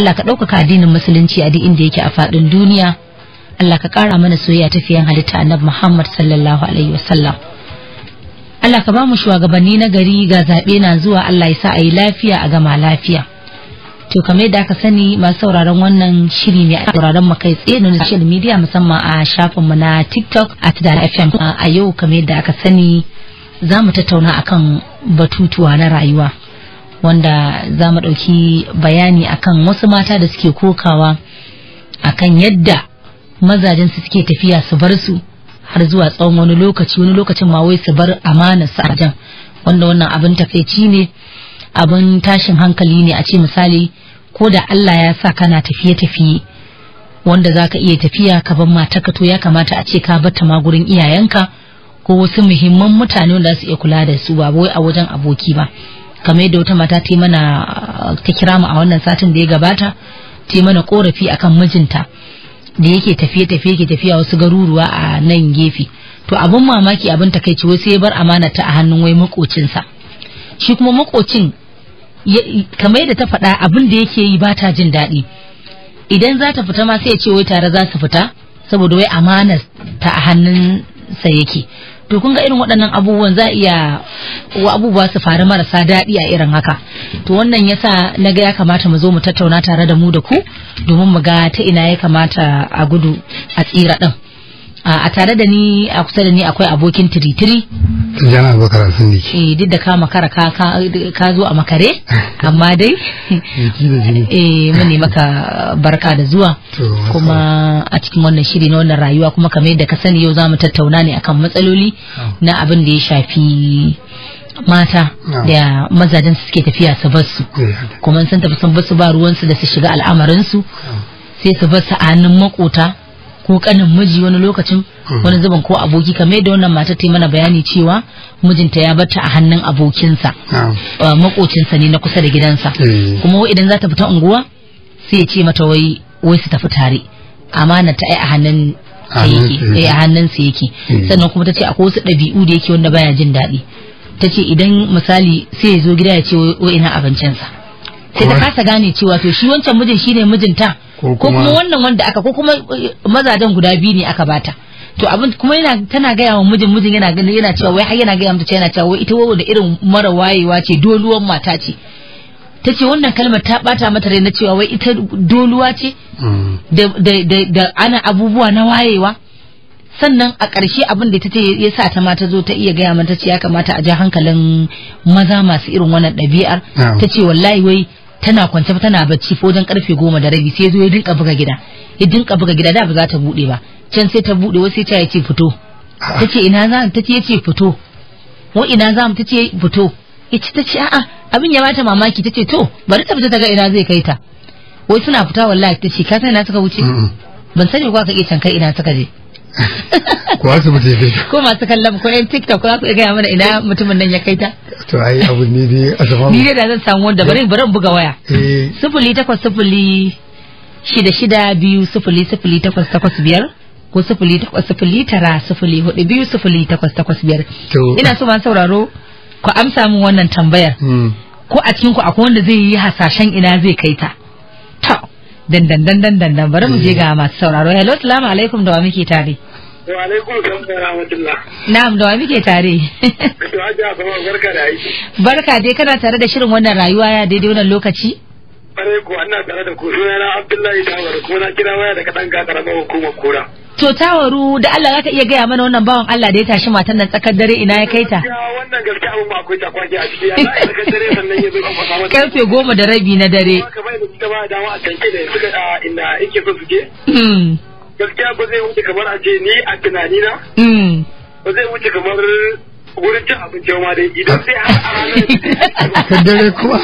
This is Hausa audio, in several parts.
Allah ka ɗaukaka addinin musulunci a duk inda yake a faɗin duniya Allah ka ƙara mana soyayya tafiyan halitta annabi Muhammad sallallahu alaihi wasallam Allah ka ba mu shugabanni na gari ga zaɓe na zuwa Allah ya sa a yi lafiya a gama lafiya to kamar da aka sani masu sauraron wannan shiri ne a sauraron mu kai tsaye na social media musamman a shafin mu na TikTok at da FM a yau kamar da aka sani za mu tattauna akan batutuwa na rayuwa wanda za mu ɗauki bayani akan wasu mata da suke kokawa akan yadda mazajen su suke tafiya su bar su har zuwa tsawon wani lokaci wani lokacin ma wai su bar amana su ajan. wanda wannan abin takaici ne abin tashin hankali ne a ce misali ko da Allah ya sa kana tafiye-tafiye wanda zaka iya tafiya ka bar ka to ya kamata a ce ka bar ta ma gurin iyayenka ko wasu muhimman mutane wanda su iya kula da su ba wai a wajen aboki ba kamar yadda wata mata ta mana ta kira mu a wannan satin da ya gabata ta mana korafi akan mijinta da yake tafiye tafiye ke tafiya wasu garuruwa a nan gefe to abun mamaki abin takaici wai sai ya bar amana ta a hannun wai makocinsa shi kuma makocin kamar yadda ta faɗa abin da yake yi ba ta jin daɗi idan za ta fita ma sai ya ce wai tare za su fita saboda wai amana ta a hannun sa yake to kun ga irin waɗannan abubuwan za iya wa abubuwa su faru marasa daɗi a irin haka to wannan yasa na ga ya kamata mu zo mu tattauna tare da mu da ku domin mu ga ta ina ya kamata a gudu a tsira ɗin. a tare da ni a kusa da ni akwai abokin tiritiri jan sun alfin eh duk da ka makara ka ka zo a makare amma dai eh mun maka barka da zuwa kuma a cikin wannan shiri na wannan rayuwa kuma kamar yadda ka sani yau zamu tattauna ne akan matsaloli na abin da ya shafi mata da mazajen suke tafiya su basu eh, kuma sun tafi sun basu ba ruwansu da su shiga su sai su bar basu a hannun makota ko kanin miji wani lokacin hmm. wani zuban ko aboki kamar yadda wannan mata ta yi mana bayani cewa mijinta ya bata a hannun abokinsa makocinsa ne na kusa da gidansa hmm. kuma idan za ta fita unguwa sai ya ce mata wai wai su tafi tare amana ta yi a hannun yake eh, a hannunsa yake hmm. sannan kuma ta ce akwai wasu ɗabi'u da yake wanda baya jin daɗi ta ce idan misali sai ya zo gida ya ce wai ina abincinsa sai ta kasa gane cewa to shi wancan mijin shine mijinta ko kuma wannan wanda aka ko kuma eh, mazajen guda biyu ne aka bata to abin kuma yana tana gaya wa mijin mijin yana ganin yana cewa wai har yana gaya mata yana cewa wai ita wawo da irin mara wayewa ce doluwan mata ce ta ce wannan kalmar ta bata mata rai na cewa wai ita doluwa ce mm. da ana abubuwa na wayewa sannan a ƙarshe abin da ta ce ya sa ta mata zo ta iya gaya mata ce ya kamata a ja hankalin maza masu irin wannan ɗabi'ar ta ce wallahi wai tana kwance tana bacci ko dan karfe goma da rabi sai zo ya dinka buga gida ya dinka buga gida da ba za ta bude ba can sai ta bude wasu ta yace fito tace ina za ta ce yace fito wa ina za mu tace fito yace tace a'a abin ya bata mamaki tace to bari ta fita ta ga ina zai kai ta wai suna fita wallahi tace ka san ina suka wuce ban sani ko ka ke can kai ina suka je ko asibiti ya ko masu kallon ko yan tiktok za ku iya gaya mana ina mutumin nan ya kai ta to ai abu ne dai a zaman ni dai da zan samu wanda bari bari buga waya eh. sifili takwas sifili shida shida biyu sifili sifili takwas takwas biyar ko sifili takwas sifili tara sifili hudu biyu sifili takwas takwas biyar ina so ma sauraro ku amsa min wannan tambayar hmm. ko a cikin ku akwai wanda zai yi hasashen ina zai kai ta to dandan dandan dandan bari mu je eh. ga masu sauraro hello salamu alaikum da wa muke tare Wa alaikum salam wa rahmatullah. Na'am da wa muke tare. To aje a kuma barka da aiki. Barka dai kana tare da shirin wannan rayuwa ya daidai wannan lokaci? Bare ko ana tare da ku na Abdullahi Tawar ko na kira waya daga dan karamar hukumar Kura. To Tawaru da Allah zaka iya gaya mana wannan bawan Allah da ya tashi matan nan tsakar dare ina ya kai ta. Wannan gaskiya abin ba akwai takwaki a ciki ya tsakar dare sannan ya zo kan fasa mata. Karfe goma da rabi na dare. Kamar da kika ba dama a tanke da suka inda yake so suke. gaskiya ba zai wuce kamar a ce ni a na. Hmm. ba zai wuce kamar wurin cin abinci ma dai idan sai har a ranar ka dare kuma.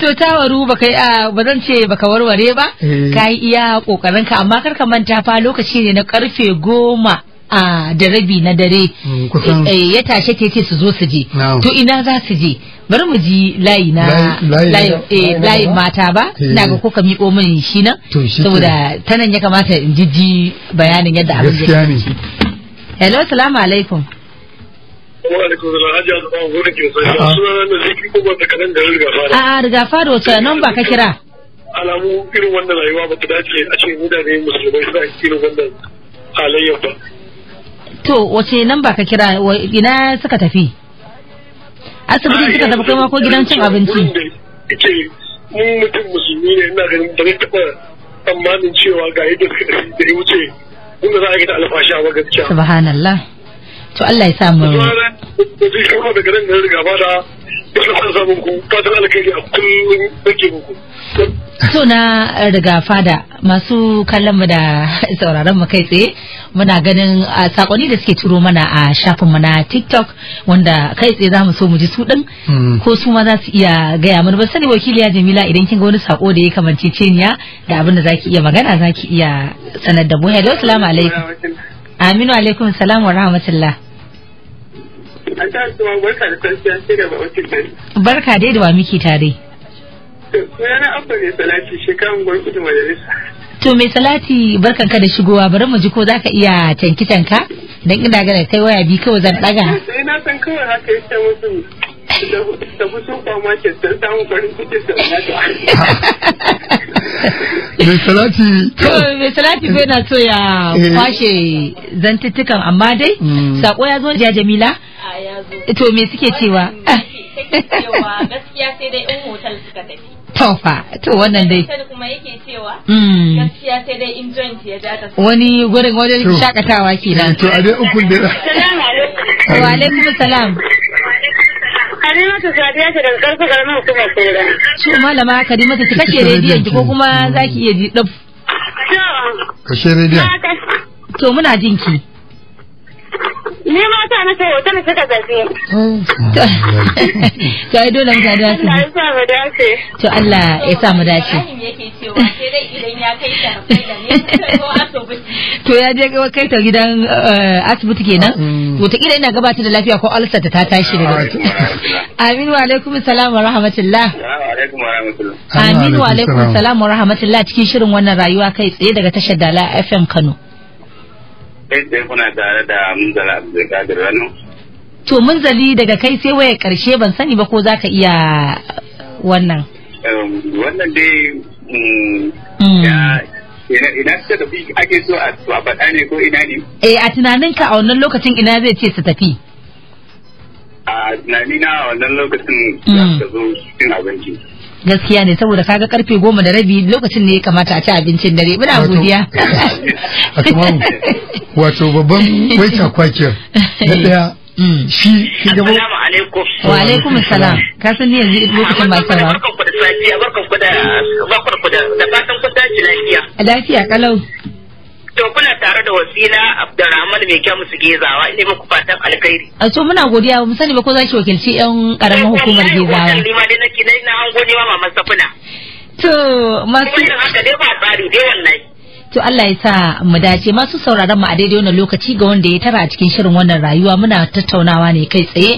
to ta waru ba kai ba zan ce baka warware ba eh. ka yi iya kokarin ka amma kar ka manta fa lokaci ne na karfe goma a da rabi na dare mm, eh, ya tashe ke ce su zo su je to ina za su je bari mu ji layi na layi eh, mata ba eh. ina ga kuka miƙo min shi nan saboda ta nan ya kamata in ji bayanin yadda abin ya kasance hello salamu alaikum a riga fado wata nan ba ka kira? Alamu irin wannan rayuwa ba ta dace a cikin mutane musulmai suna irin wannan halayyar ba. to wace nan ba ka kira ina suka tafi asibiti ah, suka tafi kuma ko gidan cin abinci ce mutum musulmi ne ina ganin tsammanin cewa ga yadda suka tafi da ya wuce za a yi ta alfasha ba subhanallah to Allah ya sa mu zai kama daga nan da riga ba da So na riga fada masu kallon mu da sauraron mu kai tsaye muna ganin ah, sakonni da suke turo mana a shafin mana tiktok wanda kai tsaye za mu so mu ji su din hmm. ko su ma za su iya gaya mana ban sani wakiliya jamila idan kin ga wani sako da ya kamance ceniya da abin da zaki iya magana zaki iya sanar da mu hello assalamu alaikum aminu alaikum salam wa rahmatullah barka dai da wa miki tare sunana abba ne salati shekaran gwargudu majalisa To mai salati barkanka da shigowa bari mu ji ko za ka iya tanki tanka don ina gana kai waya bi kawai zan daga. Sai na san kawai da ke sun samu farin ciki Mai salati. Mai na so ya eh. kwashe zantuttukan amma dai hmm. sako ya zo jiya Jamila. To me suke cewa? Gaskiya sai dai in hotel suka tafi. to fa to wannan dai kuma yake cewa hmm. gaskiya sai dai in joint ya da wani gurin wani shakatawa kenan to a dai ukun dai wa alaikum salam Karimatu Sadiya ce daga karfi karamin hukumar Kera. Su malama Karimatu ki kashe rediyon ki ko kuma za ki iya ji ɗaf. Kashe rediyon. To muna jinki. ne ma ta na kai hoton suka gaji. To ai dole mu dace. Allah ya sa mu dace. To Allah ya sa mu dace. To ya je kai ta gidan eh, asibiti kenan. Mm. Wataƙila ina gabata da lafiya ko alsa ta tashi daga ciki. Ah, Amin wa alaikum salam wa rahmatullah. Amin wa alaikum salam wa rahmatullah cikin shirin wannan rayuwa kai tsaye daga tashar Dala FM Kano. kai tsaye kuna tare da munzali abdulkadir rano to munzali daga kai sai waya karshe ban sani ba ko za ka iya wannan ehm, wannan dai mm, mm. ina suka tafi ake so a faɗa ne ko ina ne eh a tunaninka a wannan lokacin ina zai ce su tafi a tunanina a wannan lokacin da mm. suka zo cikin abinci gaskiya ne saboda kaga karfe goma da rabi lokacin ne ya kamata a ci abincin dare muna godiya wato babban waita kwakiyar na daya mm, shi shi gaba wa alaikum salam ka san yanzu lokacin ba ta ba barkan ku da safiya barkan ku da barkan ku da fatan ku tashi lafiya lafiya kalau To kuna tare da wasila abdurrahman mai kyamu su gezawa ne muku fatan alkhairi. A to muna godiya mu sani ba ko za ki wakilci yan karamar eh, hukumar gezawa. Ni ma dai nake na an gode wa mama safuna. To masu. yin haka dai ba tsari dai wallahi. To Allah ya sa mu dace masu sauraron mu a daidai wannan lokaci ga wanda ya tara a cikin shirin wannan rayuwa muna tattaunawa ne kai tsaye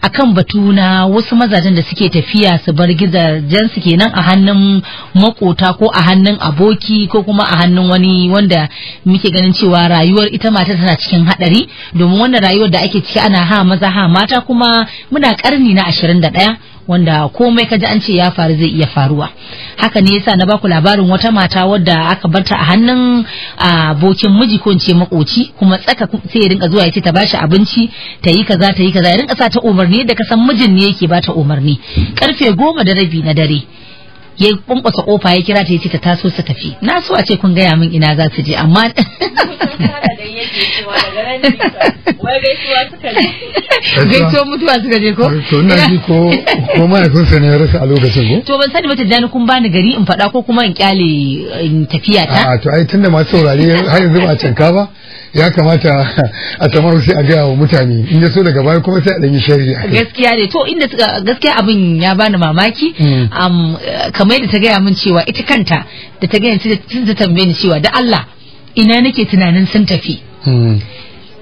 akan batu na wasu mazajen da suke tafiya su bar gidajen su kenan a hannun makota ko a hannun aboki ko kuma a hannun wani wanda muke ganin cewa rayuwar ita mata tana cikin hadari domin wannan rayuwar da ake ciki ana ha maza ha mata kuma muna karni na 21 wanda komai kaji an ce ya faru zai iya faruwa haka ne yasa na baku labarin wata mata wadda aka barta a hannun abokin miji ko ce makoci kuma tsaka sai ya rinka zuwa ya ce ta bashi abinci ta yi kaza ta yi kaza ya rinka sa ta umarni da kasan mijin ne yake ba bata umarni karfe goma da rabi na dare ya kunkusa kofa ya kira ta yace ta taso su tafi na so a ce kun gaya min ina za su je amma gaisuwa mutuwa suka je ko to ina ji ko ko kun ya rasa a lokacin ko to ban sani ba dani kun bani gari in faɗa ko kuma in kyale in tafiya ta a to ai tunda masu saurare har yanzu ba a canka ba ya kamata a tamar sai a gaya wa mutane in ya so daga baya kuma sai a ɗanyi shari. a gaskiya ne to inda gaskiya abin ya bani mamaki hmm. kamar yadda ta gaya min cewa ita kanta da ta gaya sun ta tambaye ni cewa da Allah ina nake tunanin sun tafi hmm.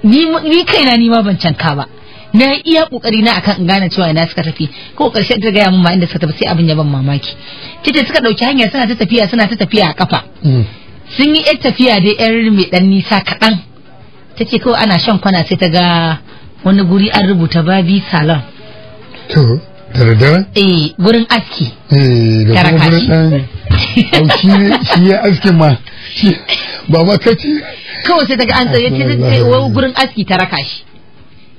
ni kaina ni ma ban canka ba na iya kokari na akan gane cewa ina suka tafi ko karshe ta gaya min ma inda suka tafi sai abin ya ban mamaki tace suka dauki hanya suna ta tafiya suna ta tafiya a kafa hmm. sun yi yar tafiya dai yar mai dan nisa kaɗan ta ce kawai ana shan kwana sai ta ga wani guri an rubuta babi salon to da daddare? eh gurin aski eh da kuma gurin dan shi ya aski ma ba ma kaci kawai sai ta ga an tsaye ce wani gurin aski ta raka shi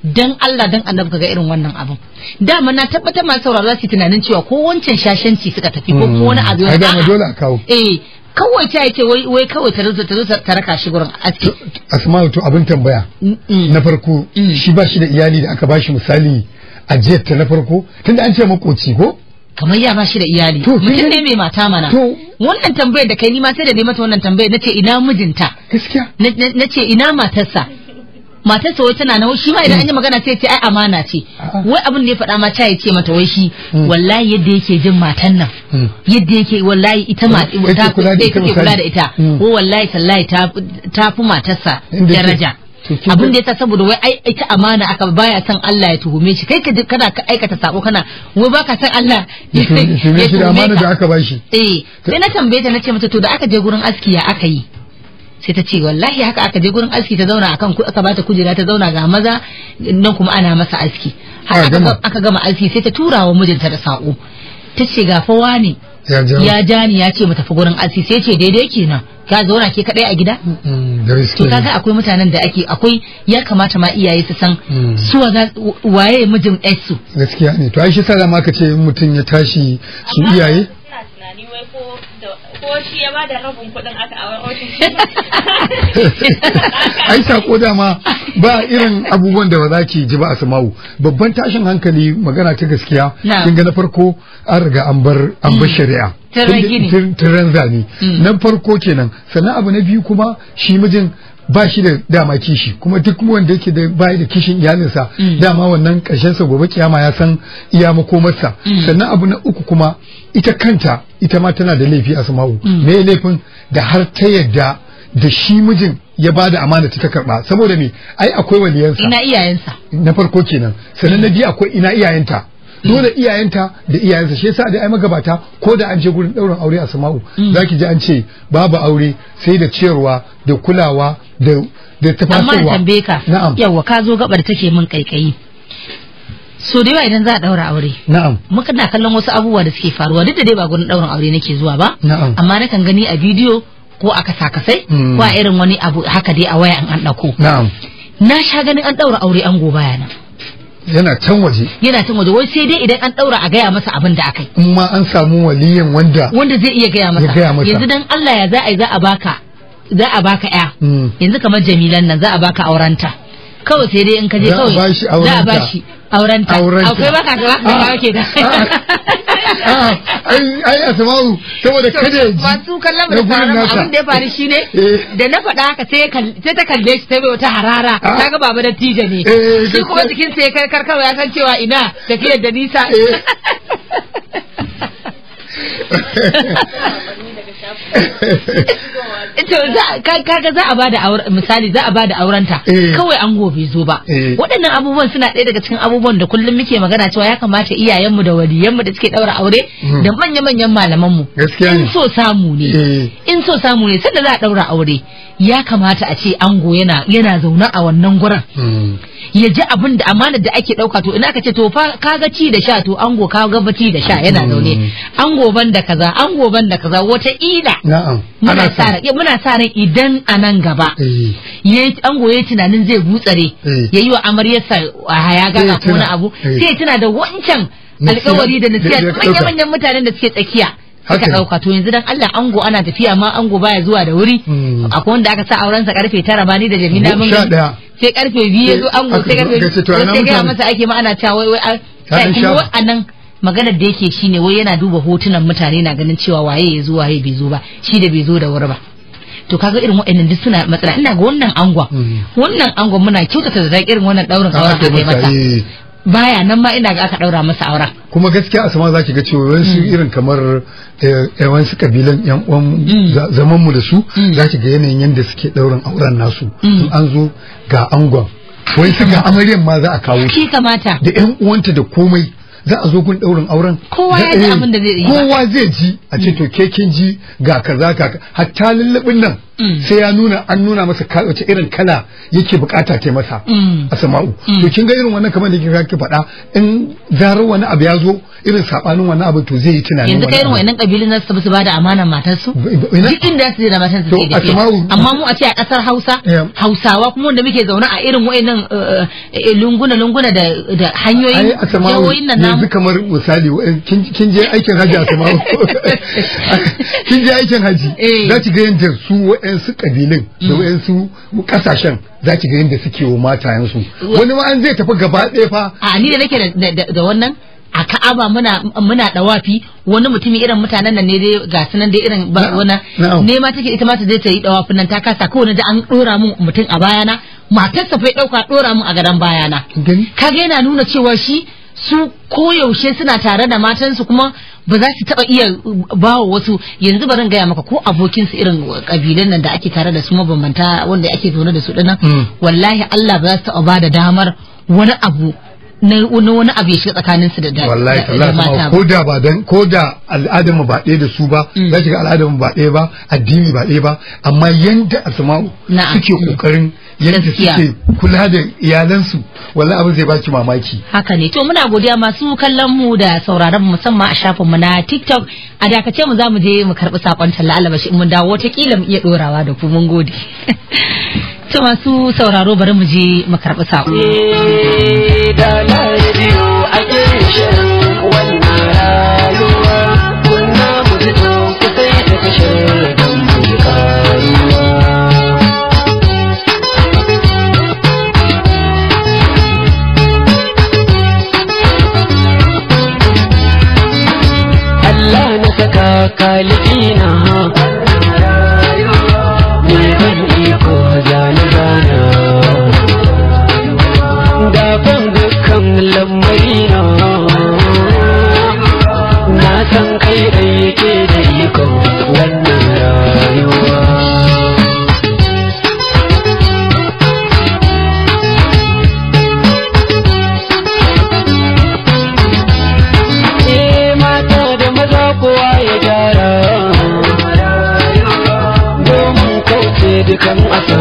dan Allah dan annabi kaga irin wannan abin dama na tabbatar masu sauraron za su tunanin cewa ko wancan shashanci suka tafi ko mm. ko wani abu ya dama dole a kawo eh kawai ta ce wai kawai ta raka shi gurin aski asma'u to abin tambaya mm, mm. na farko mm. shi ba shi da iyali da aka ba shi misali a ta na farko tunda an ce makoci ko kamar ya ba shi da iyali mutum ne mai mata mana wannan tambayar da kai ni ma sai da nemata wannan tambayar na ce ina mijinta gaskiya ce ina matarsa matar sa wai tana nan shi ma idan an yi magana sai ce ai amana ce ah. wai abin da ya faɗa ma ta ya ce mata wai shi hmm. wallahi yadda yake jin matan nan hmm. yadda yake wallahi ita ma ta kula da ita ko hmm. wallahi sallahi ta fi matarsa daraja abin da yasa saboda wai ai ita amana aka baya san Allah ya tuhume shi kai ka kana ka aikata sako kana wai baka san Allah ya tuhume shi da amana da aka bashi eh sai na tambaye ta nace mata to da aka je gurin askiya aka yi sai ta ce wallahi haka aka je gurin aski ta zauna akan ku aka bata kujera ta zauna ga maza nan kuma ana masa aski har aka gama aski sai ta tura wa mijinta da sako ta ce ga fa ne ya ja ni ya ce mu tafi gurin aski sai ce daidai kenan ka zauna ke kadai a gida mm, mm, to kaga akwai mutanen da ake akwai ya kamata ma iyaye su san mm. su waye mijin su gaskiya ne to ai shi sa ma ka ce mutum ya tashi su iyaye ko shi ya bada rabin kuɗin aka ai sako dama ba irin abubuwan da ba za ki ji ba a sama'u babban tashin hankali magana ta gaskiya kin ga na farko an riga an bar an bar mm. shari'a tun zane mm. Nan farko kenan sannan abu na biyu kuma shi mijin ba shi da dama kishi kuma duk wanda yake da bai da kishin iyalinsa mm. dama wannan sa gobe kiyama ya san iya makomarsa mm. sannan abu na uku kuma ita kanta ita ma tana da laifi a sama'u mm. me laifin da har ta yadda da shi mijin ya ba da amana ta karba saboda me ai akwai waliyansa ina iyayensa na farko kenan sannan na biyu akwai ina iyayenta dole iyayenta da iyayensa shi yasa da ai magabata ko da an je gurin daurin aure a sama'u mm. zaki ji an ce babu aure sai da ciyarwa da kulawa da da tafasarwa amma tambaye ka yawa ka zo gabar take min kaikayi so da yawa idan za a daura aure na'am muka na kallon wasu abubuwa da suke faruwa duk da dai ba gurin daurin aure nake zuwa ba na'am amma kan gani a bidiyo ko a kasakasai mm. ko a irin wani abu haka dai a waya an dauko na'am na sha ganin an daura aure an go baya nan yana can waje yana can waje wai sai dai idan an daura a gaya masa abin da akai in ma an samu waliyin wanda wanda zai iya gaya masa yanzu dan Allah ya za a za a baka za a baka ya hmm. yanzu kamar Jamilan nan za a baka aurenta kawai sai dai in ka je kawai za a bashi aurenta akwai baka ka baka ba ke da ai asma'u saboda kada ya ji masu kallon mai abin da ya faru shine eh. da na faɗa haka sai ta kalle shi ta bai wata harara ah. ta ga baba da ne eh, shi kuma jikin sai kai ya san cewa ina tafiyar da nisa eh. to kaga za a bada misali za a bada aurenta eh. kawai an gobe zo ba eh. waɗannan abubuwan suna ɗaya daga cikin abubuwan da kullum muke magana cewa ya kamata iyayen mu da mu da suke ɗaura aure hmm. da manya-manyan malamanmu in so samu ne eh. in so samu ne sanda za a ɗaura aure ya kamata a ce ango yana yana zaune a wannan gurin hmm. ya ji abin da amanar da ake ɗauka to ina ka ce to fa ka ga ci da sha to ango kaga bati da sha yana hmm. zaune ango ban da kaza ango ban da kaza wata kila eh, muna sa ran muna sa ran idan a nan gaba eh. yayi ango yayi tunanin zai gutsare eh. yi wa amaryarsa hayaga ko wani abu sai tana da wancan alkawari da nasiya manyan mutanen da suke tsakiya suka ɗauka to yanzu dan Allah ango ana tafiya ma ango baya zuwa da wuri hmm. akwai wanda aka sa auren sa karfe tara ba ni da Jamila mun sai karfe biyu yazo ango sai karfe sai ga masa ake ma ana cewa wai wai a nan maganar da yake shine wai yana duba hotunan mutane na ganin cewa waye ya zo waye bai zo ba shi da bai zo da wuri ba to kaga irin waɗannan duk suna matsala ina ga wannan angon mm. wannan angon muna kyautata da irin wannan daurin aure da kai mata eh. baya nan ma ina ga aka daura masa aure kuma gaskiya asama za ki ga cewa wasu mm. irin kamar eh, eh, wani su kabilan yan uwan mm. zaman mu da su za ki ga yanayin yadda suke daurin auren nasu an zo ga angon wai suka amaryan ma za a kawo ki kamata da yan uwanta da komai za a zo gun daurin auren kowa ya ji abin da zai yi kowa zai ji a ce to ke ji ga kaza ga hatta lullubin nan Mm. sai ya nuna an nuna masa wace irin kala yake bukata ta masa mm. a sama'u mm. to kin ga irin wannan kamar da kike ka faɗa in zarar wani abu ya zo irin sabanin wani abu to zai yi tunani yanzu kai irin wayannan kabilun na su ba da amanar matar su duk inda su da matar su da amma mu a ce a kasar Hausa Hausawa kuma wanda muke zaune a irin wayannan uh, uh, eh, lunguna lunguna da da hanyoyin jihohin nan yanzu kamar misali kin je aikin haji a sama'u kin je aikin haji eh. za ki ga yanda su wa'yansu kabilun da mm. wa'yansu kasashen za ki ga yadda suke wa matayensu wani ma an zai tafi gaba ɗaya fa a ni da nake da wannan a ka'aba muna muna dawafi wani mutumi irin mutanen nan ne dai ga su nan dai irin ba wani ne ma take ita mata zai ta yi dawafin nan ta kasa ko wani da an dora mun mutum a bayana matarsa fa ya dauka dora mun a garan bayana kaga yana nuna cewa shi su koyaushe suna tare da matansu kuma ba za su taba iya wa wasu yanzu barin gaya maka ko abokin su irin kabilan nan da ake tare da su mabambanta wanda ake zaune da su dinnan hmm. wallahi Allah ba za su taba bada damar wani abu na wani abu ya shiga tsakanin su da da wallahi Allah ko da ba dan ko da al'adar mu ba ɗaya da su ba hmm. za shiga al'adar mu ba ɗaya ba addini ba ɗaya ba amma yanda asma'u suke kokarin hmm. yadda suke kula da iyalansu wala abin zai baki mamaki haka ne to muna godiya masu kallon mu da sauraron musamman a shafin mu na TikTok a dakace mu zamu je mu karbi sakon talla alabashi in mun dawo ta kila mu iya dorawa da ku mun gode to masu sauraro bari mu je mu karbi sakon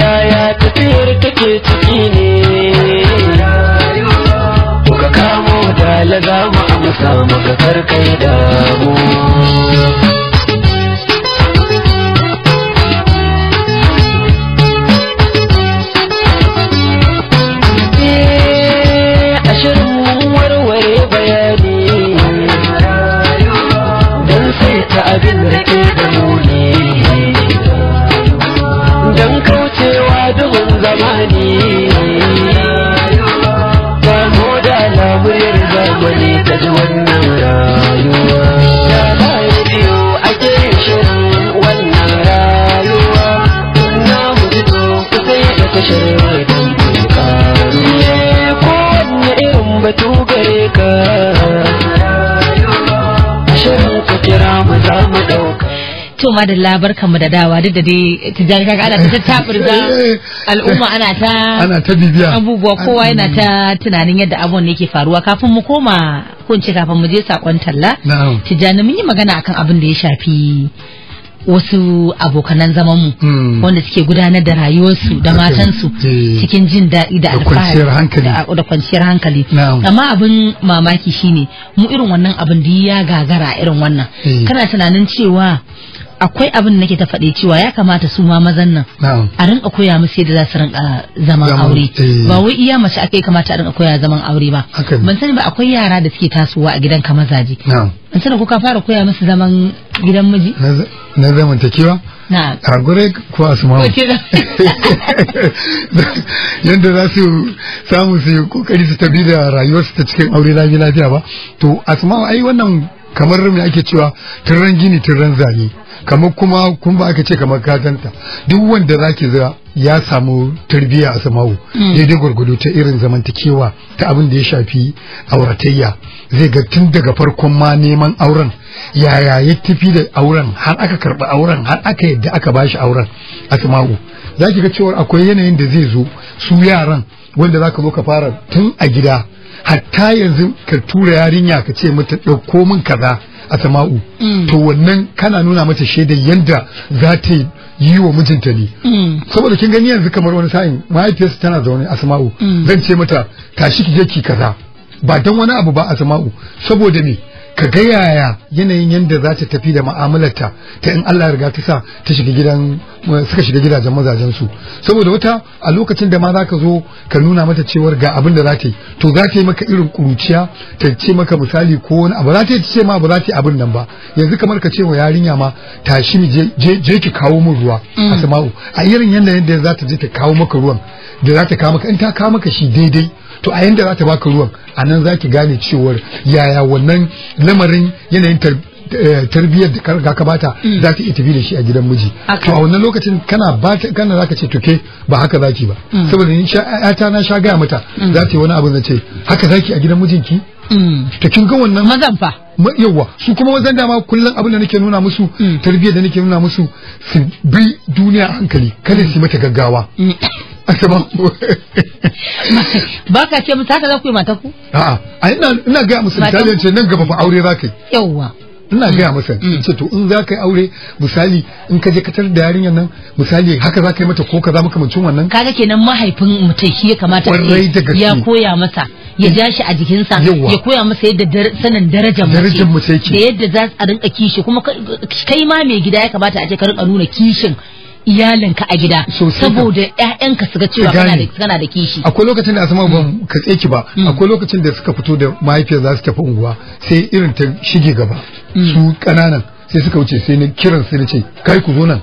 yaya tafiyar take ciki ne kuka kamo dala za mu eh, bayani maka karkai damu abin rake. batu gare ka mu to madalla da dawa duk da dai tijjani kaga ana ta da al'umma ana ta ana ta bibiya abubuwa kowa yana ta tunanin yadda abun yake faruwa kafin mu koma ko kafin mu je sakon talla tijjani mun yi magana akan abin da ya shafi wasu abokanan zaman mu hmm. wanda suke gudanar da rayuwarsu da matansu eh. cikin jin daɗi da alfahari da kwanciyar hankali amma abin mamaki shine mu irin wannan abin da ya gagara irin wannan eh. kana tunanin cewa akwai abin nake ta faɗi cewa ya kamata su ma mazan nan a rinka koya musu yadda za su rinka zaman aure eh. ba wai iya mace ake kamata a rinka koya zaman aure ba ban sani ba akwai yara da suke tasowa a gidan ka mazaje ban sani ko ka fara koya musu zaman gidan miji na zamantakewa a gure kuwa su mamu yadda za su samu su yi kokari su tabi da rayuwarsu ta cikin aure lafiya ba to asma'u ai wannan kamar rumi ake cewa turan gini turan zane kamar kuma kun ba aka ce kamar katanta duk wanda zaki zira ya samu tarbiyya a samawu hmm. daidai gwargwado ta irin zamantakewa ta abin da ya shafi auratayya zai ga tun daga farkon ma neman auren yaya ya tafi da auren har aka karba auren har aka yadda aka bashi auren a samawu za ki ga cewa akwai yanayin da zai zo su yaran wanda za ka zo ka fara tun a gida hatta yanzu ka tura yarinya ka ce mata ɗauko min kaza a sama'u mm. to wannan kana nuna mata shaidar yadda za ta yi wa mijinta ne mm. saboda kin gani yanzu kamar wani sa'in mahaifiyarsa tana zaune a sama'u mm. zan ce mata tashi ki je ki kaza ba dan wani abu ba a sama'u saboda me ka ga yaya yanayin yadda za ta tafi da ma'amalarta ta in Allah ya riga ta sa ta shiga gidan suka shiga gidajen mazajen su saboda wata a lokacin da ma za ka zo ka nuna mata cewar ga abin da za ta yi to za ta yi maka irin kuruciya ta ce maka misali ko wani abu za ta yi ce ma ba za ta yi abin nan ba yanzu kamar ka ce wa yarinya ma tashi mi je ki kawo min ruwa mm. a sama'u a irin yanayin da za ta je ta kawo maka ruwan da za ta kawo maka in ta kawo maka shi daidai to a yanda za ta baka ruwan a nan za ki gane cewar yaya wannan lamarin yanayin eh, tarbiyyar da ka ka bata mm. za ta iya tafi da shi a gidan miji to a wannan lokacin kana bata kana ka ce toke ba haka za ki ba mm. saboda ni ta na sha gaya mata mm. za ta yi wani abin da ce haka ki a gidan mijinki ta kin ga wannan mazan fa yawa su kuma mazan dama kullum abin da nake nuna musu tarbiyyar da nake nuna musu su bi duniya hankali kada su mata gaggawa ba ka ce musu haka za ku yi mata ku a'a a ina ina ga musu misali ce nan gaba fa aure za ka yi yawwa ina gaya mm. masa mm. ce to in za ka yi aure misali in ka je katar da yarinyar nan misali haka za ka yi mata ko ka za makamancin wannan kaga kenan mahaifin mutum shi ya kamata ya koya masa ya ja shi a jikinsa ya koya masa yadda sanin darajar mace da yadda za a rinka kishi kuma kai ma mai gida ya kamata a ce ka rinka nuna kishin iyalinka a gida saboda ƴaƴanka su ga cewa kana da da kishi akwai lokacin da sama ban mm. ka tseki ba mm. akwai lokacin da suka fito da mahaifiyar za su tafi unguwa sai irin ta shige gaba mm. su kananan sai suka wuce sai na kiran sai na ce kai ku zo nan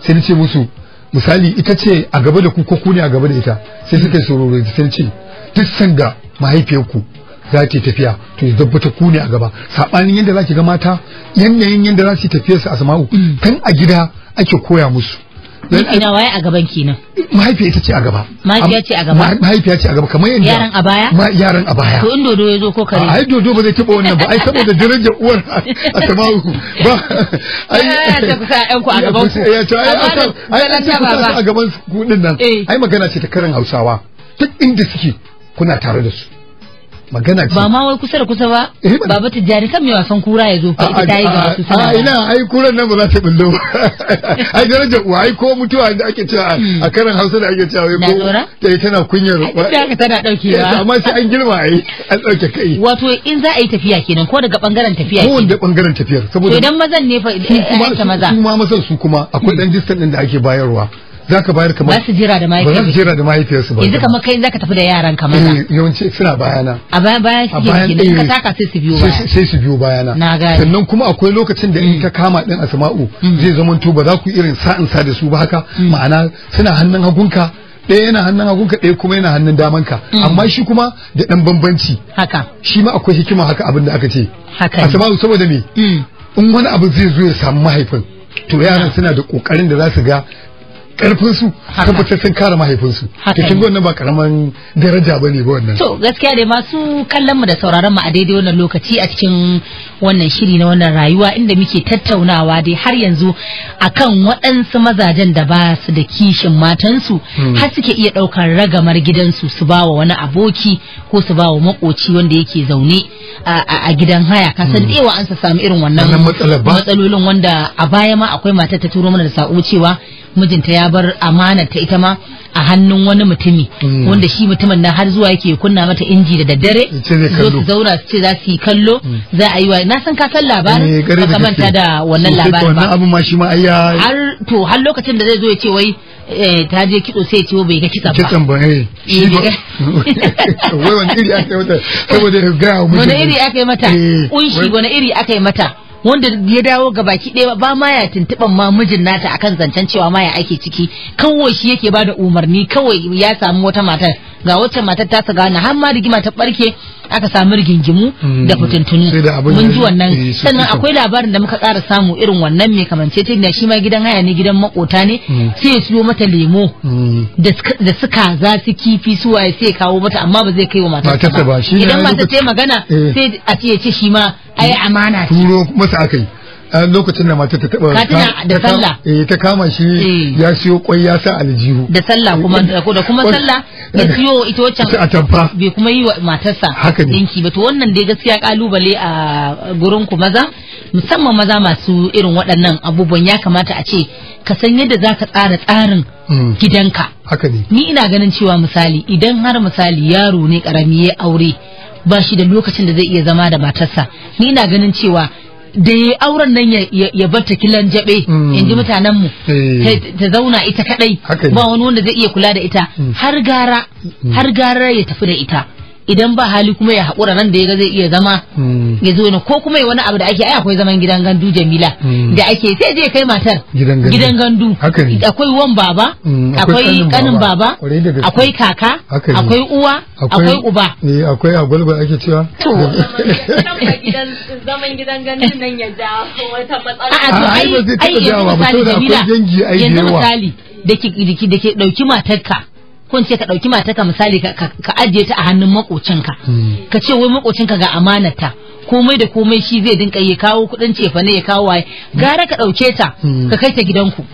sai na ce musu misali ita ce a gaba da ku ko ku ne a gaba da ita sai suka yi sororo sai na ce duk sanda mahaifiyarku za ta tafiya to ya zabbata ku ne a gaba saɓanin yadda za ki ga mata yanayin yadda za su yi tafiyarsa a sama'u tun a gida ake koya musu Mijina waye a gaban kenan. Mahaifiya ita ce a gaba. Mahaifiya ce a gaba. Mahaifiya ce a gaba kamar yadda. Yaran a baya? Yaran a baya. To in dodo ya zo ko kare. Ai dodo ba zai taɓa wannan ba ai saboda darajar uwar a tabawu ba. Ai ta kusa ƴan ku a gaban ku. Ya ta ai ta ai ta kusa a gaban ku din nan. Eh. Ai magana ce ta karin Hausawa. Duk inda suke kuna tare da su. magana ce ba ma wai kusa da kusa ba eh, baba tijjani kan mai wasan kura ya zo fa ita ta ga wasu sana a ina ai kuran nan ba za ta bullo ai daraja wa ai ko mutuwa da ake cewa a hmm. karin hausa da ake cewa ko ta tana kunyar ita ka tana ba. amma sai an girma ai an dauke kai wato in za a yi tafiya kenan ko daga bangaren tafiya ko wanda bangaren tafiyar saboda idan mazan ne fa idan maza kuma mazan su kuma akwai dan hmm. distance din da ake bayarwa za ka bayar kamar ba su jira da mahaifiyarsu ba za su jira da mahaifiyarsu ba yanzu kamar kai za ka tafi da yaran kamar na eh, yawanci suna bayana a bayan bayan su ke kenan ka eh, taka sai su biyo baya sai su biyo bayana na gane sannan kuma akwai lokacin da in mm. ka kama din asma'u mm. zai zama to ba za ku irin sa'in sa da su ba haka mm. ma'ana suna hannun hagunka ɗaya yana hannun hagunka ɗaya kuma yana hannun damanka amma shi kuma da ɗan bambanci haka shi ma akwai hikima haka abin da aka ce haka asma'u saboda me in wani abu zai zo ya samu mahaifin to yaran suna da kokarin da za su ga karfin su tabbatar sun kare mahaifinsu to kin wannan ba karaman daraja bane ba wannan to gaskiya dai masu kallon mu da sauraron mu a daidai wannan lokaci a cikin wannan shiri na wannan rayuwa inda muke tattaunawa dai har yanzu akan waɗansu mazajen da ba su da kishin matansu hmm. har suke iya ɗaukar ragamar gidansu su ba wa wani aboki ko su ba wa makoci wanda yake zaune a gidan haya Ka san hmm. dewa an sa samu irin wannan matsalolin wanda a baya ma akwai mata ta turo mana da sako cewa mijinta ya bar amanar ta ita ma a hannun wani mutumi mm. wanda shi mutumin nan har zuwa yake kunna mata inji da daddare zo su zauna su ce za su yi kallo mm. za a yi wa na san ka san labarin eh, ka manta da wannan labarin ba abin ma shi ma ayya har to har lokacin da zai zo ya ce wai eh, ta je kitso sai ya ce bai ga kitsa ba kitsan ba eh, eh shi ba wai wani iri aka yi mata saboda ga mu wani iri aka yi mata kunshi wani iri aka yi mata wanda ya dawo ga baki ɗaya ba ma ya tuntuɓan ma mijin nata akan zancen cewa ma ya ake ciki kawai shi yake bada umarni kawai ya samu wata matar ga wacce matar ta gana har ma rigima ta barke aka samu rigingimu mm. da fitintuni mun ji wannan sannan akwai labarin da muka ƙara samu irin wannan mai kamance ta shi ma gidan haya ne gidan makota ne mm. sai ya siyo mata lemo mm. da suka za su kifi su waye sai kawo mata amma ba zai kai wa matarsa ba idan matar ta magana eh. sai a ce ya ce shi ma ai amana turo masa akai lokacin da mata ta taba da sallah eh ta kama shi eh. ya siyo kwai ya sa aljihu da sallah kuma eh, da kuma sallah ya eh, siyo ita waccan a tabba. bai kuma yi wa matarsa dinki ba to wannan dai gaskiya kalubale a gurin ku maza musamman maza masu irin waɗannan abubuwan ya kamata a ce ka san yadda za ka tsara tsarin hmm. gidanka haka ne ni ina ganin cewa misali idan har misali yaro ne karami ya aure ba shi da lokacin da zai iya zama da matarsa ni ina ganin cewa da ya auren nan ya bar ta kilan jabe hmm. in ji mutanen mu eh. ta zauna ita kadai ba wani wanda zai iya kula da ita hmm. har gara hmm. har gara ya tafi da ita idan ba hali kuma ya haƙura nan da ya zai iya zama hmm. ya zo ne ko kuma ya wani abu da ake ai akwai zaman gidan gandu Jamila hmm. da ake sai je kai matar gidan gandu akwai wan baba hmm, akwai kanin baba akwai kaka akwai uwa akwai uba eh, akwai agwalgwal ake cewa to zaman gidan gandu nan ya ja Ko wata matsala to ai ai yanzu misali Jamila yanzu misali da ke dauki matarka ko ce ka ɗauki matarka misali ka ajiye ta a hannun makocinka hmm. ka ce wai makocinka ga amanata komai da komai shi zai dinka ya kawo kudin cefane ya kawo waye gara ka ɗauke ta hmm. ka kai ta gidanku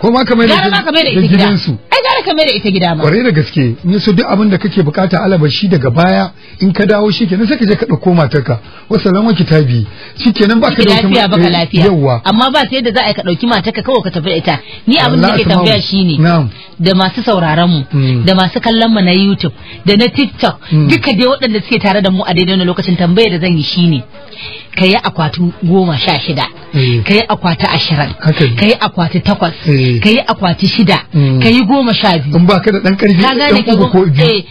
ko ma kamar da gida ai gara kamar da ita gida ma kware da gaske ni su duk abin da kake bukata alaba shi daga baya in ka dawo shi kenan sai ka je ka dauko matarka wasallan wa kitabi shi kenan baka da lafiya baka eh, lafiya amma ba sai da za a ka dauki matarka kawai ka tafi da ita ni abin da nake tambaya shine da masu sauraron mu hmm. da masu kallon mu na YouTube da na TikTok hmm. duka dai waɗanda suke tare da mu a daidai lokacin tambayar da zan yi shine ka yi akwatu goma sha shida Mm. ka yi akwati ashirin ka yi akwati takwas mm. ka yi akwati shida mm. ka yi goma sha biyu in ba ka da ɗan ka gane ka ko biyu eh,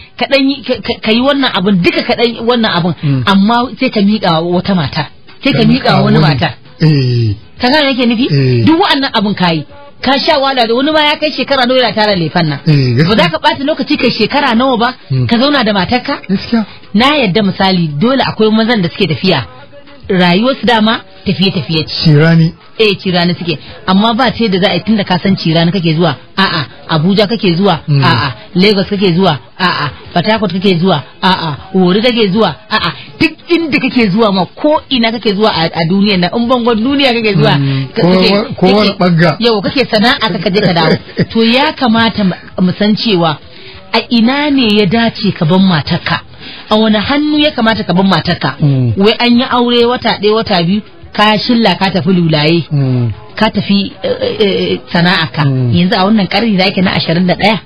ka yi wannan abin duka ka dan wannan abin amma sai ka miƙa wata mata sai ka miƙa wani mata eh. ka gane yake nufi eh. duk wa'annan abin kayi ka sha wala da wani ma ya kai shekara nawa yana tara lefan nan ba za ka ɓata lokaci kai shekara nawa ba ka zauna da matarka na yadda misali dole akwai mazan da suke tafiya rayuwarsu dama tafiye-tafiye Cirani. Eh cirani suke amma ba ce da za a tunda ka san cirani kake zuwa a'a Abuja kake zuwa hmm. a'a Lagos kake zuwa a'a Fatakot kake zuwa a'a Wori kake zuwa a'a duk inda kake zuwa ma ko ina kake zuwa a duniya na in bangon duniya kake zuwa. Hmm. Ko wani bagga. Yau kake sana'a kaka je ka dawo to ya kamata mu san cewa a ina ne ya dace ka ban matarka. a wani hannu ya kamata ka bin matarka mm. wai an yi aure wata ɗaya wata biyu ka shilla ka tafi lulaye mm. ka tafi eh, eh, eh, sana'a ka mm. yanzu a wannan karni za ki na ashirin da ɗaya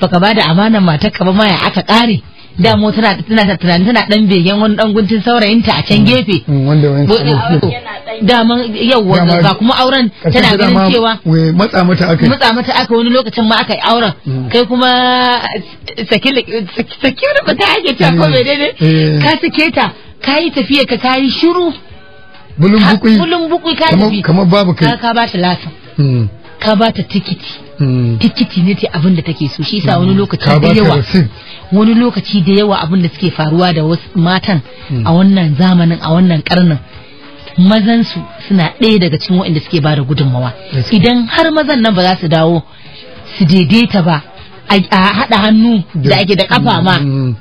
baka ba da amanar matarka ba ma ya aka ƙare da mu tana tana tana tana dan begen wani dan guntun saurayinta a can gefe wanda wani daman yawa ga kuma auren tana ganin cewa matsa mata aka matsa mata aka wani lokacin ma aka yi auren mm. kai kuma eh, sakin da ta ake ta ko daidai. Eh, eh. ka sake ta ka yi tafiya ka ka yi shiru bulun bukui bulun bukui ka tafi kamar babu kai ka ba ta lafa. Hmm. ka ba ta tikiti hmm. tikiti ne ta abin da take so shi sa wani hmm. lokaci da yawa wani lokaci da yawa abin da suke faruwa da wasu matan a wannan zamanin a wannan karnin Mazan su suna ɗaya daga cikin waɗanda suke ba da gudunmawa idan har mazan nan ba za su dawo su daidaita ba a haɗa hannu da ake da kafa ma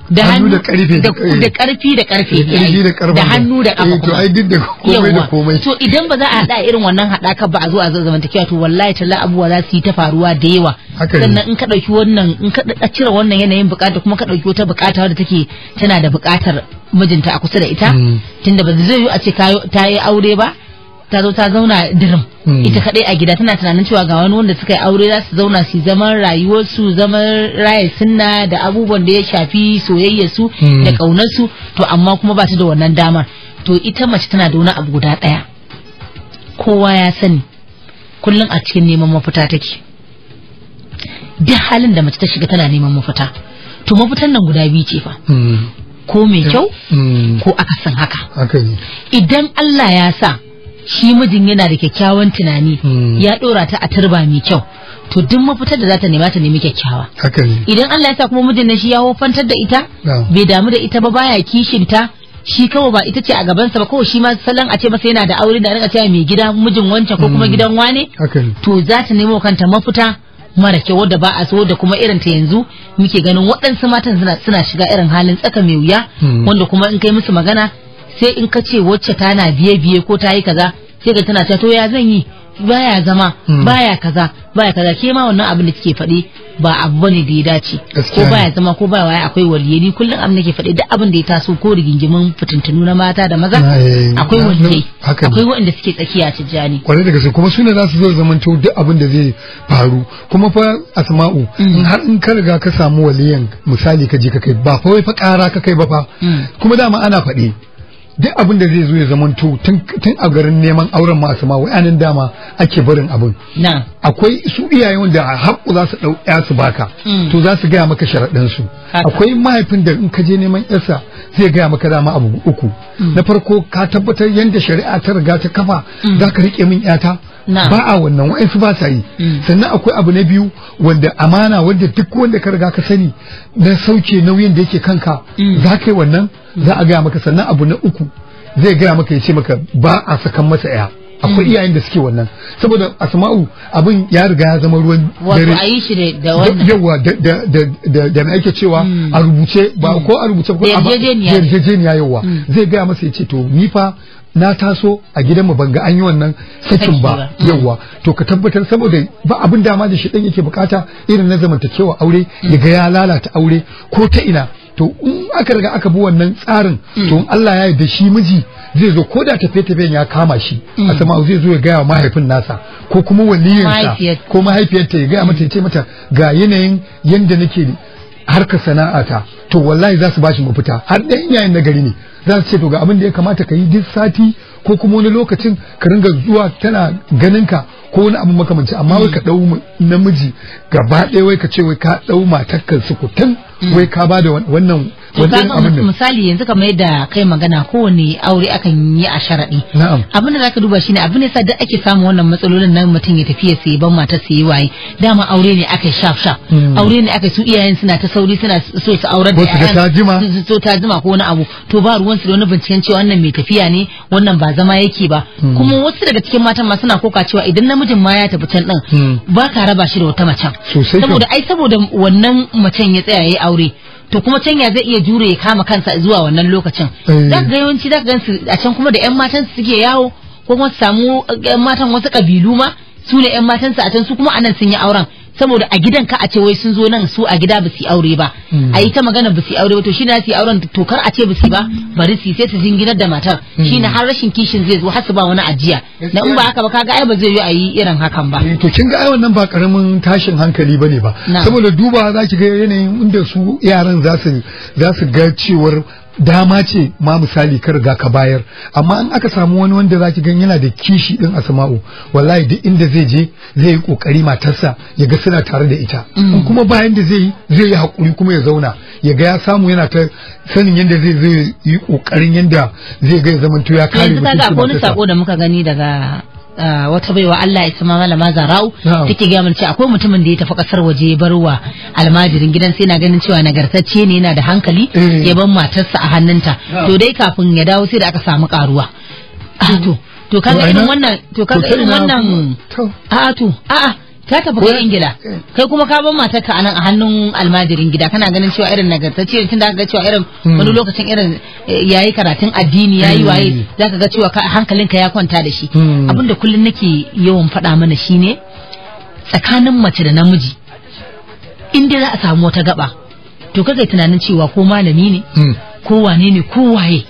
da hannu da karfe da karfi da karfe da hannu da kafa eh, to ai duk da komai da komai to idan ba za a haɗa irin wannan ka ba a zo a zamantakewa to wallahi talla abuwa za su yi ta faruwa da yawa sannan in ka ɗauki wannan in ka cire wannan yanayin bukata kuma ka ɗauki wata bukata wadda take tana da bukatar mijinta a kusa da ita mm. tunda ba zai yi a ce ta yi aure ba ta zo ta zauna dirim hmm. ita kadai a gida tana tunanin cewa ga wani wanda suka yi aure za su zauna su zaman rayuwar su zaman raya sunna da abubuwan da ya shafi soyayya su hmm. da kaunar su to amma kuma ba ta da wannan damar to ita mace tana da wani abu guda daya kowa ya sani kullum a cikin neman mafita take duk halin da mace ta shiga tana neman mafita to mafitan nan guda biyu ce fa hmm. ko mai kyau ko akasin haka idan Allah ya sa shi mijin yana da kyakkyawan tunani hmm. ya dora ta a turba mai kyau to duk mafitar da za ta nema ta nemi kyakkyawa idan Allah ya sa kuma mijin nan shi ya hofantar da ita bai damu da ita ba baya kishinta shi kawai ba ita ce a gabansa ba kawai shi ma salon a ce masa yana da aure da rika cewa mai gida mijin wancan ko kuma hmm. gidan wane to za ta nemo kanta mafita mara kyau wadda ba a so da kuma irin ta yanzu muke ganin waɗansu matan suna shiga irin halin tsaka mai wuya hmm. wanda kuma in kai musu magana sai in ka ce wacce tana biye biye ko ta yi kaza sai ka tana cewa to ya zan yi baya zama hmm. baya kaza baya kaza ke ma wannan abin da kike faɗi ba abu bane da ya dace ko baya zama ko baya waya akwai waliyai ni kullum abin da ke faɗi duk abin da ya taso ko rigingimin fitintunu na mata da maza akwai waliyai akwai waɗanda suke tsakiya ta jani kwarai da gaske kuma sune za su zo to duk abin da zai faru kuma fa asma'u hmm. in har in ka riga ka samu waliyan misali ka je ka kai ba fa wai fa ƙara ka kai ba fa hmm. kuma dama ana faɗi duk abin da zai zo ya to tun a garin neman auren masu ma wa'anin dama ake barin abin akwai su iyaye wanda haƙu za su ɗau ya su baka hmm. to za su gaya maka sharaɗin su akwai mahaifin da in ka je neman yarsa zai gaya maka dama abu uku hmm. na farko ka tabbatar yadda shari'a ta riga ta kafa hmm. za ka riƙe min yata ba a wannan wa'ansu ba sa yi mm. sannan akwai abu na biyu wanda amana wanda duk wanda ka riga ka sani na sauke nauyin da yake kanka mm. za ka yi wannan mm. za a gaya maka sannan abu na uku zai gaya maka ya ce maka ba a sakan masa ya akwai iyayen da suke wannan saboda asma'u abin ya riga ya zama ruwan dare wato da wannan yawa da da ake cewa a rubuce ba ko a rubuce ko a yarjejeniya yawa zai gaya masa ya ce to ni na taso a gidanmu ban ga an yi wannan sakin ba yawa to ka tabbatar saboda ba abin dama da shi dan yake bukata irin na zamantakewa aure mm. ya ga ya lalata aure ko ta ina to in aka riga aka bi wannan tsarin mm. to in Allah ya yarda shi miji zai zo ko da tafe tafiyen ya kama shi mm. a sama zai zo ya gaya wa mahaifin nasa ko kuma sa ko mahaifiyarta ya gaya mata ya ce mata ga yanayin yanda nake harkar sana'ata to wallahi za su bashi mafita har ɗan yayin na gari ne za su ce to ga abin da ya kamata ka yi duk sati ko kuma wani lokacin ka ringa zuwa tana ganin ka ko wani abu makamanci amma wai ka dau hmm. namiji gaba ɗaya wai ka ce wai ka dau matar su kutun Mm. wai ka ba da wannan wannan abin da misali yanzu kamar yadda kai magana kowane aure akan yi a sharadi na'am abin da zaka duba shine abin da yasa duk ake samu wannan matsalolin nan mutum ya tafi ya sayi ban mata sayi waye dama aure ne aka shaf shaf mm. aure ne aka su iyayen suna ta sauri suna so su aurar da ƴaƴan ta jima su so ta jima ko wani abu to ba ruwan su da wani binciken cewa wannan mai tafiya ne wannan ba zama yake ba mm. kuma wasu daga cikin matan ma suna koka cewa idan namijin ma ya tafi can din ba ka raba shi da wata macen saboda ai saboda wannan macen ya tsaya yayi aure aure to kuma can ya zai iya jure ya kama kansa zuwa wannan lokacin eh. za ga yawanci za gansu a can kuma da yan matan su suke yawo ko kuma su samu yan matan wasu kabilu ma su ne yan matan su a can su kuma anan sun yi auren saboda a gidan ka a ce wai sun zo nan su a gida ba su aure ba hmm. a yi ta magana ba su aure ba to shine su auren tokar a ce ba su ba bari su sai ta jinginar da matar hmm. shine har rashin kishin zai zo har su ba wani ajiya na in ba haka ba kaga ai ba zai yi a yi irin hakan ba eh, to kin ga ai wannan ba karamin tashin hankali bane ba saboda duba za ki ga yanayin inda su yaran za su za su ga cewar dama ce ma misali ka riga ka bayar amma in aka samu wani wanda zaki gan yana da kishi din asma'u wallahi duk inda zai je zai yi kokari matarsa ya ga suna tare da ita mm. kuma bayan da zai yi zai yi hakuri kuma ya zauna ya ga ya samu yana ta sanin yadda zai zai yi kokarin yadda zai ga ya zamanto ya kare mutunci matarsa yanzu ko ni sako da muka gani daga Ah, wata baiwa Allah ya sama malama zarau take ga ce akwai mutumin da ya tafi kasar waje ya barwa almajirin gidan sai na ganin cewa nagartacce ne yana da hankali eh. ya bar matarsa a hannunta to dai kafin ya dawo sai da aka samu karuwa ah, to to kaga irin wannan to kaga irin wannan a ah, to a'a ta tafi kai ingila eh, eh. kai kuma ka bar matarka a nan a hannun almajirin gida kana ganin cewa irin nagartacce tun da ka ga cewa irin hmm. wani lokacin irin eh, yayi karatun addini yayi hmm. waye za ka ga cewa hankalinka ya kwanta da shi hmm. abinda kullum nake yawan faɗa mana shine tsakanin mace da namiji in dai za a samu wata gaba to kai tunanin cewa ko malami ne ko wane ne ko waye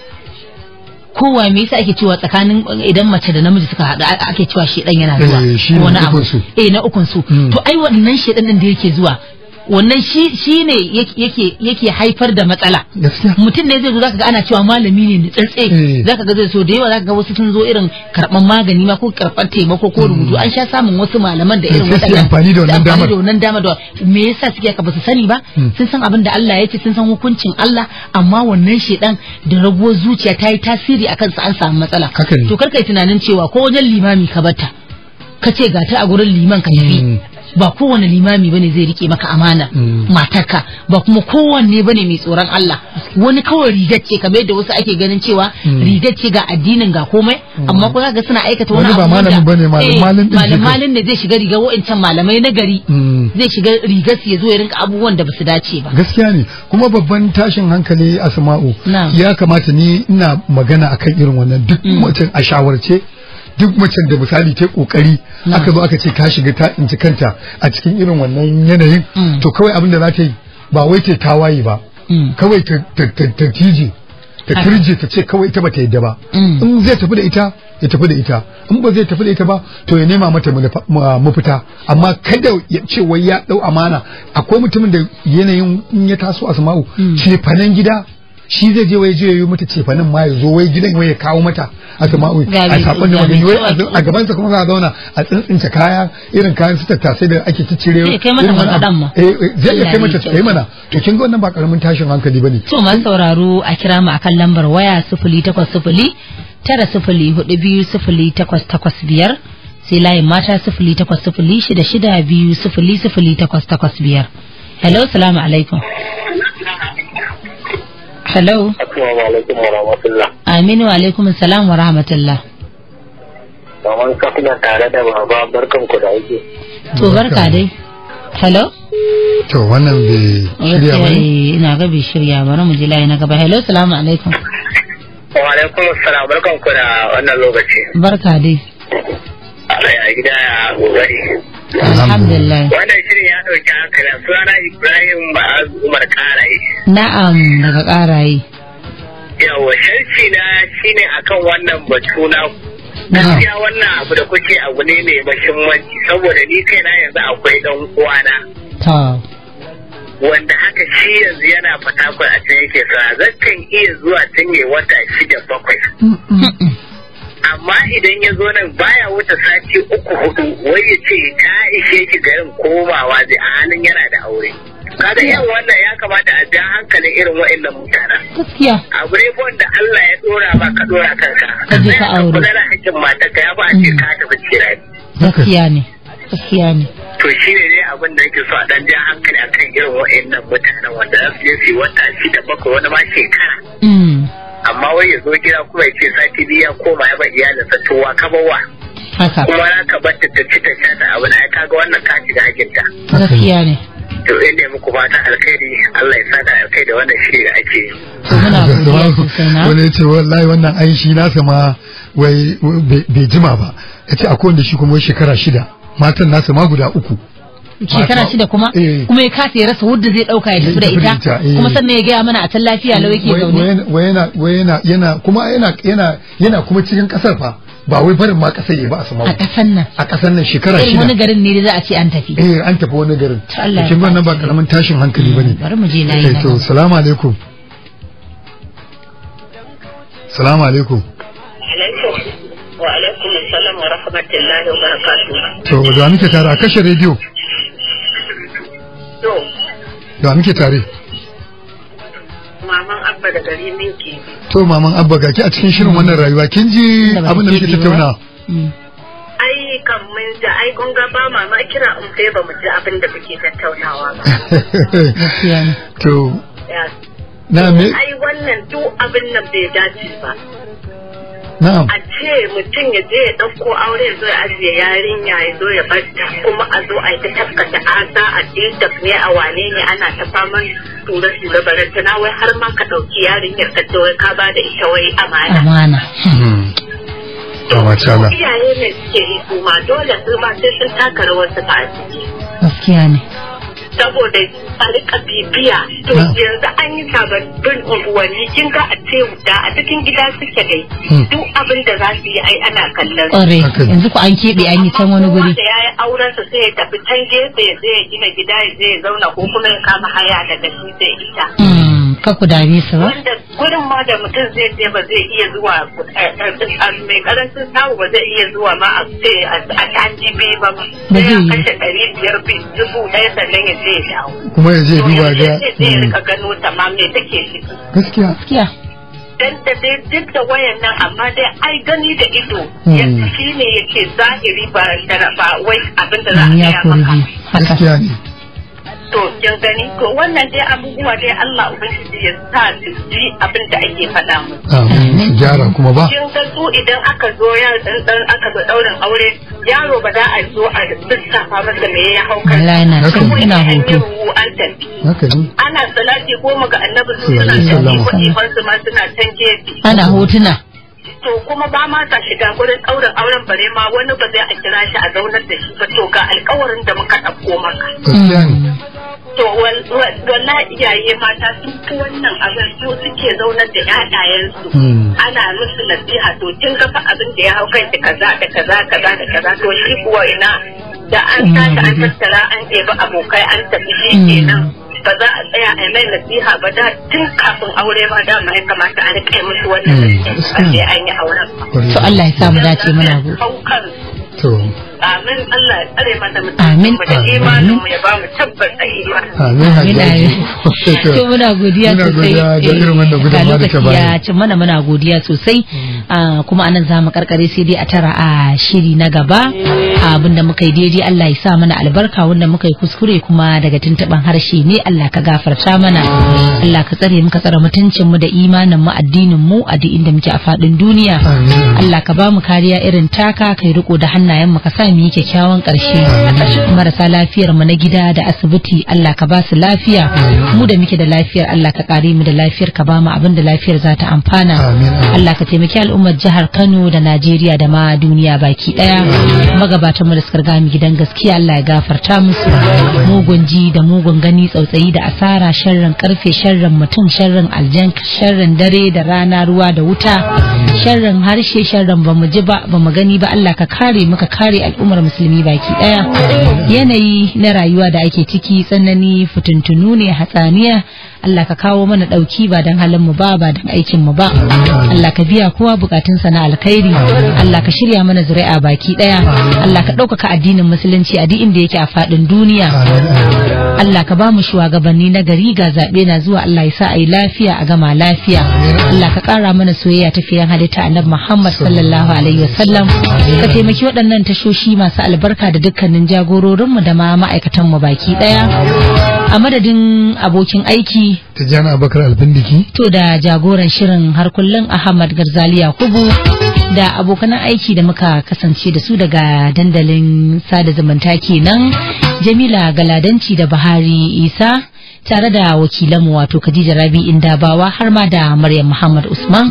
kowa me yasa ake cewa tsakanin idan mace da namiji suka haɗu ake cewa shedan yana zuwa eh, wani abu eh na ukun su hmm. to ai wannan shedan din da yake zuwa wannan shi shi ne yake yake haifar da matsala mutum ne zai zo zaka ga ana cewa malami ne ni tsantse eh. zaka ga zai so da yawa zaka ga wasu sun zo irin karban magani ma ko karban taimako ko rubutu hmm. an sha samun wasu malaman da eh, irin wadannan amfani da wannan dama da wannan dama. da me yasa suke ka basu sani ba hmm. sun san abin da Allah ya ce sun san hukuncin Allah amma wannan shedan da rago zuciya ta yi tasiri akan su an samu matsala to karka tunanin cewa ko wajen limami ka bata ka ce ga ta a gurin liman ka tafi hmm. ba kowane limami bane zai rike maka amana mm. matarka ba kuma kowanne bane mai tsoron Allah wani kawai rigar ce kamar yadda wasu ake ganin cewa mm. rigar ce ga addinin ga komai mm. amma ko ga suna aikata wani abu ba malamin bane malamin eh, malamin ne zai shiga rigar wa'ancan malamai na gari zai shiga rigar su ya zo ya rinka abubuwan da basu dace ba gaskiya ne kuma babban tashin hankali asma'u ya kamata ni ina magana akan irin wannan duk mutum a shawarce duk macen da misali ta kokari mm. aka zo aka ce ka shiga ta inci kanta a cikin irin wannan yanayin mm. to kawai abin da za ta yi ba wai ta tawaye ba mm. kawai ta tije ta kirje ta ce kawai ita ba ta yadda ba in zai tafi da ita ya tafi da ita in ba zai tafi da ita ba to ya nema mata mafita amma kada ya ce wai ya dau amana akwai mutumin da yanayin in ya taso asma'u ce fanan gida shi zai je wai ya yi mata cefanin ma ya zo wai gidan wai ya kawo mata a sama a sabon da magani wai a gabansa kuma za a zauna a tsintsince kaya irin kayan su tattasai da ake ciccire eh, irin wani abu eh, eh, zai iya kai mata kai mana to kin ga wannan ba karamin tashin hankali bane to masu sauraro a kira mu akan lambar waya 0800 takwas tara sifili hudu biyu sifili takwas takwas biyar sai layin mata sifili takwas sifili shida shida biyu sifili sifili takwas takwas biyar hello salamu alaikum hello assalamu alaikum wa rahmatullah amin wa alaikum salam wa rahmatullah kaman ka tare da baba barkan ku da aiki to barka dai hello to wannan bi. shirya ba ina ga bi shirya ba mu ji layi na gaba hello assalamu alaikum wa alaikum assalam barkan ku da wannan lokaci barka dai Allah ya gida ya gobe Alhamdulillah. Wannan shirin ya ɗauki hankali sunana Ibrahim Ba'az Umar Karaye. Na'am daga Karaye. Yawa sharci na ne akan wannan batu na Gaskiya wannan abu da kuke abu ne mai mahimmanci saboda ni kai na yanzu akwai dan uwana. Wanda haka shi yanzu yana fatakwal a cikin yake sa zan iya zuwa tun wata shida bakwai. amma idan ya zo nan baya wuce sati uku hudu wai ya ce ta ishe shi garin komawa zai a halin yana da aure kada yin wannan ya kamata a ja hankalin irin wa'annan mutanen gaskiya A da Allah ya dora ba ka dora kanka ka je ka aure kuma da hakkin matarka ya ba a ce ka mm. tafi gaskiya ne gaskiya ne to shi ne dai abin da yake so a dan jan hankali a kan irin nan mutanen wanda za su je su wata shida bakwai wani ma shekara. Hmm. Amma wai ya zo gida kuma ya ce sati biyu ya koma ya ba iyalin sa wa ka bawa. Kuma na ka bar ta ci ta sha ta abu na ya kaga wannan ka shiga hakinta. Gaskiya ne. To in ne muku fata alkhairi Allah ya sa da alkhairi wannan shi da ake Wani ya ce wallahi wannan shi na sama wai bai jima ba. Ya ce akwai wanda shi kuma shekara shida. matan nasa ma guda uku shekara shida kuma eh. kuma ya kasa ya rasa wadda zai dauka ya tafi da ita eh. kuma sannan ya gaya mana a can lafiya lawa yake zaune yana kuma yana kuma cikin kasar fa ba wai barin ma kasar ya ba a sama. a kasar nan a kasar nan shekara eh, shida wani garin ne da za a ce an tafi eh an tafi wani garin cikin wannan ba karamin tashin hankali bane mm, bari mu je layi to salamu alaikum salamu alaikum wa alaikum wa rahmatullahi wa barakatuh to da muke tare a kashe rediyo to da muke tare maman abba da gari minki to maman abba gaki a cikin shirin wannan rayuwa kin ji abin da muke tattauna mm. ai kan mun ji ai kun ga ba mama kira in dai ba mu ji abin da muke tattaunawa ba to na me ai wannan duk abin nan bai dace ba a ce mutum ya je ya ɗauko aure zo ya ajiye yarinya ya zo ya barta kuma a zo a yi ta tabbata asa a ne a wane ne ana ta faman tura tura na wai har ma ka ɗauki yarinyar ka ce ka ba da ita wai amana. Amana. Hmm. To iyaye ne suke yi kuma dole su ma sai sun taka rawar su ba a ciki. Gaskiya ne. saboda a rika bibiya to hmm. yanzu an yi sababbin unguwanni kin ga a ce da a cikin gida suke dai hmm. duk abin da za su yi ai ana kallon ƙware yanzu ku an keɓe an yi can wani guri ya yi auren sa sai ya tafi can gefe ya je gina gida ya je zauna ko kuma ya kama haya daga shi sai ita hmm. ka ku dame su ba gurin ma da mutum zai je ba zai iya zuwa eh, eh, eh, mai karancin samu ba zai iya zuwa ma a ce a ta ba ba zai kashe dubu ɗaya sannan ya je ya kuma ya je duba ga ya mm. rika gano ta ma me take ciki gaskiya gaskiya dan da dai duk da wayan nan amma dai ai gani da ido mm. yanzu shine yake zahiri ba da ba wai abin da za a mm, yi maka gaskiya ne to kin gani to wannan dai abubuwa dai Allah ubangiji ya sa su ji abin da ake faɗa mu amin jara kuma ba kin ga su idan aka zo ya dan aka zo daurin aure yaro ba za a zo a lissafa masa me ya hau kan ina hutu haka ne ana salati ko ga annabi suna tafi kuɗi ma suna tanke ana hotuna to kuma ba ma ta shiga gurin ɗaurin auren bare ma wani ba zai a kira shi a zaunar da shi ba to ga alkawarin da muka ɗauko maka. To walla iyaye mata sun fi wannan abin su suke zaunar da yayayensu hmm. Ana musu nasiha to kin ga fa abin da ya hau kai da kaza da kaza kaza da kaza to shi kuwa ina da an tashi an hmm. tattara an ɗebi abokai an tafi shi hmm. kenan. ba za a tsaya a mai nasiha ba da tun kafin aure ba da ma ya kamata a rike musu wannan hmm, nasiha ba sai an yi auren. To Allah ya samu dace muna go. To. amin Allah ya tsare mata amin da Amin. mu ya ba mu tabbas Amin. Amin. amin amin Amin. Amin. Amin. Amin. Amin. Amin. Amin. Amin. Amin. Amin. Amin. Amin. ci Amin. muna godiya sosai mm. ah, kuma anan za mu karkare sai dai a tara a shiri na gaba ah, abinda muka yi daidai Allah ya sa mana albarka wanda muka yi kuskure kuma daga Amin. harshe ne Allah ka gafarta mana Allah ka tsare muka tsare mutuncin mu da imanin mu addinin mu a duk inda muke a faɗin duniya Allah ka ba mu kariya irin taka kai riko da hannayen mu ka mu yi kyakkyawan ƙarshe marasa lafiyar mu na gida da asibiti Allah ka ba su lafiya mu da muke da lafiyar Allah ka kare mu da lafiyar ka ba mu abin da lafiyar za ta amfana Allah ka taimaki al'ummar jihar Kano da Najeriya da ma duniya baki daya magabatan mu da suka riga mu gidan gaskiya Allah ya gafarta musu mugun ji da mugun gani tsautsayi da asara sharrin karfe sharrin mutum sharrin aljan sharrin dare da rana ruwa da wuta sharrin harshe sharrin ba mu ji ba ba mu gani ba Allah ka kare mu ka kare al'ummar musulmi baki daya yanayi na rayuwa da ake ciki tsanani fitintunu ne hatsaniya Allah ka kawo mana ɗauki ba don halin mu ba ba don aikin mu ba Allah ka biya kowa bukatunsa na alkhairi Allah ka shirya mana zuri'a baki ɗaya Allah ka ɗaukaka addinin musulunci a duk inda yake a faɗin duniya Allah ka ba mu shugabanni na gari ga zaɓe na zuwa Allah ya sa a yi lafiya a gama lafiya Allah ka kara mana soyayya ta fiyan halitta annabi Muhammad sallallahu alaihi wasallam ka taimaki waɗannan tashoshi masu albarka da dukkanin jagororinmu da ma ma'aikatan mu baki ɗaya a madadin abokin aiki tijjani abakar albindiki to da jagoran shirin har kullum ahmad garzaliya kubu da abokan aiki da muka kasance da su daga dandalin sada zumunta kenan jamila galadanci da bahari isa tare da wakilanmu wato khadija rabi indabawa har ma da maryam muhammad usman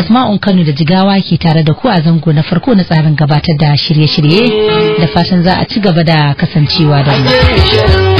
asma'un kano da jigawa ke tare da ku a zango na farko na tsarin gabatar da shirye-shirye da fatan za a ci gaba da kasancewa da mu